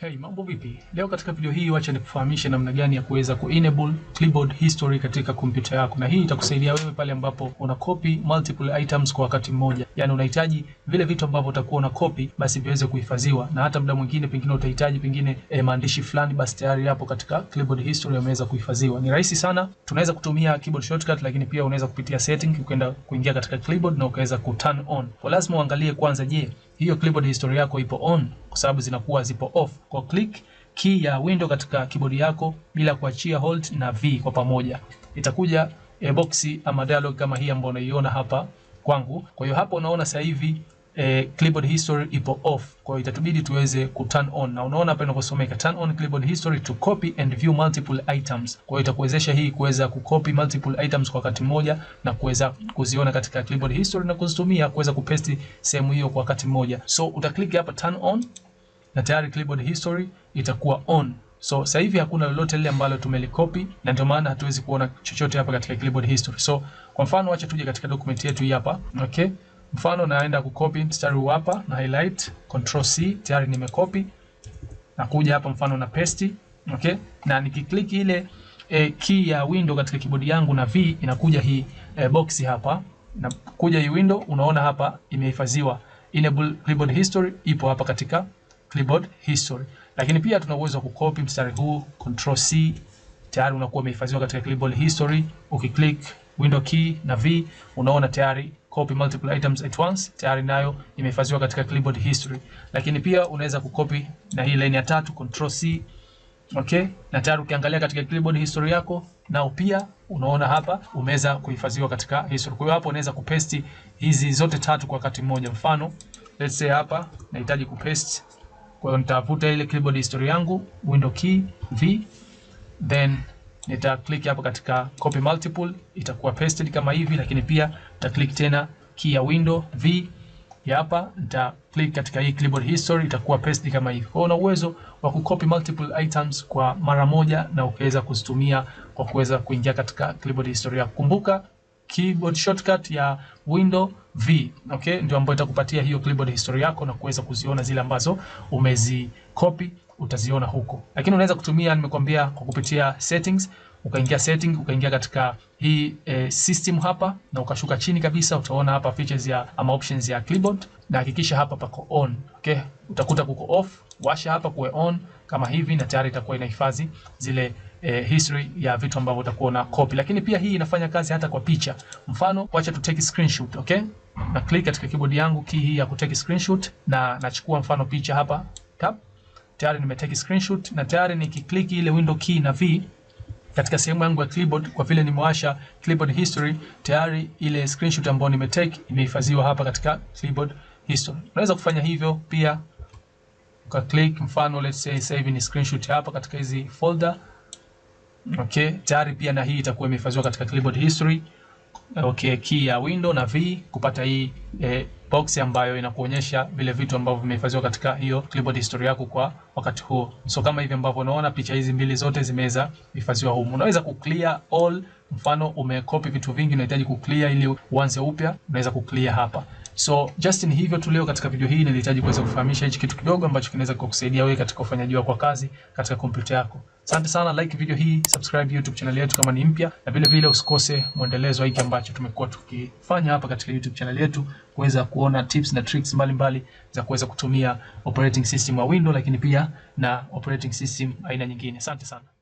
Hey, mambo vipi? Leo katika video hii wacha nikufahamishe namna gani ya kuweza kuenable clipboard history katika kompyuta yako, na hii itakusaidia wewe pale ambapo una copy multiple items kwa wakati mmoja. Yaani unahitaji vile vitu ambavyo utakuwa una copy basi viweze kuhifadhiwa, na hata muda mwingine pengine utahitaji pengine eh, maandishi fulani, basi tayari yapo katika clipboard history yameweza kuhifadhiwa. Ni rahisi sana, tunaweza kutumia keyboard shortcut, lakini pia unaweza kupitia setting ukaenda kuingia katika clipboard na ukaweza ku turn on. Kwa lazima uangalie kwanza, je hiyo clipboard history yako ipo on kwa sababu zinakuwa zipo off. Kwa click key ya window katika keyboard yako bila kuachia hold na V kwa pamoja, itakuja e, eh, boxi ama dialog kama hii ambayo unaiona hapa kwangu. Kwa hiyo hapo unaona sasa hivi eh, clipboard history ipo off, kwa hiyo itatubidi tuweze ku turn on, na unaona hapa inavyosomeka turn on clipboard history to copy and view multiple items. Kwa hiyo itakuwezesha hii kuweza ku copy multiple items kwa wakati mmoja na kuweza kuziona katika clipboard history na kuzitumia kuweza kupaste sehemu hiyo kwa wakati mmoja. So utaklik hapa turn on na tayari clipboard history itakuwa on. So sasa hivi hakuna lolote lile ambalo tumelikopi na ndio maana hatuwezi kuona chochote hapa katika clipboard history. So kwa mfano acha tuje katika document yetu hii hapa. Okay. Mfano naenda kukopi mstari huu hapa na highlight, control C, tayari nimekopi. Nakuja hapa mfano na paste, okay? Na nikiklik ile e, key ya window katika kibodi yangu na V inakuja hii e, box hapa. Na kuja hii window unaona hapa imehifadhiwa. Enable clipboard history ipo hapa katika clipboard history. Lakini pia tuna uwezo wa kukopi mstari huu control C tayari unakuwa umehifadhiwa katika clipboard history. Ukiklik window key na V unaona tayari copy multiple items at once, tayari nayo imehifadhiwa katika clipboard history. Lakini pia unaweza kukopi na hii line ya tatu control C. Okay? Na tayari ukiangalia katika clipboard history yako nao pia unaona hapa umeweza kuhifadhiwa katika history. Kwa hiyo hapo unaweza kupaste hizi zote tatu kwa wakati mmoja. Mfano, let's say hapa nahitaji kupaste. Kwa hiyo nitavuta ile clipboard history yangu, window key V then nita click hapa katika copy multiple, itakuwa pasted kama hivi, lakini pia nita click tena key ya window V ya hapa, nita click katika hii clipboard history, itakuwa pasted kama hivi. Kwa una uwezo wa kucopy multiple items kwa mara moja na ukaweza kuzitumia kwa kuweza kuingia katika clipboard history yako. Kumbuka keyboard shortcut ya window V, okay, ndio ambayo itakupatia hiyo clipboard history yako na kuweza kuziona zile ambazo umezi copy utaziona huko, lakini unaweza kutumia, nimekuambia kwa kupitia settings ukaingia setting, ukaingia katika hii e, system hapa na ukashuka chini kabisa, utaona hapa features ya ama options ya clipboard, na hakikisha hapa pako on. Okay, utakuta kuko off, washa hapa kuwe on kama hivi, na tayari itakuwa inahifadhi zile e, history ya vitu ambavyo utakuwa na copy. Lakini pia hii inafanya kazi hata kwa picha. Mfano, wacha tu take screenshot, okay? Na click katika keyboard yangu key hii ya ku take screenshot, na nachukua mfano picha hapa tap, tayari nimetake screenshot, na tayari nikiklik ile window key na V katika sehemu yangu ya clipboard, kwa vile nimewasha clipboard history tayari, ile screenshot ambayo nimetake imehifadhiwa hapa katika clipboard history. Unaweza kufanya hivyo pia uka click, mfano let's say save hivi ni screenshot hapa katika hizi folder. Okay, tayari pia na hii itakuwa imehifadhiwa katika clipboard history okay, key ya window na V kupata hii eh, box ambayo inakuonyesha vile vitu ambavyo vimehifadhiwa katika hiyo clipboard history yako kwa wakati huo. So kama hivi ambavyo unaona picha hizi mbili zote zimeweza kuhifadhiwa humu. Unaweza clear all, mfano umekopi vitu vingi unahitaji clear ili uanze upya, unaweza clear hapa. So Justin, hivyo tu leo katika video hii nilihitaji kuweza kufahamisha hichi kitu kidogo ambacho kinaweza kukusaidia wewe katika ufanyaji wako wa kazi katika kompyuta yako. Asante sana, like video hii, subscribe YouTube channel yetu kama ni mpya, na vile vile usikose mwendelezo hiki ambacho tumekuwa tukifanya hapa katika YouTube channel yetu kuweza kuona tips na tricks mbalimbali mbali za kuweza kutumia operating system wa Windows, lakini pia na operating system aina nyingine. Asante sana.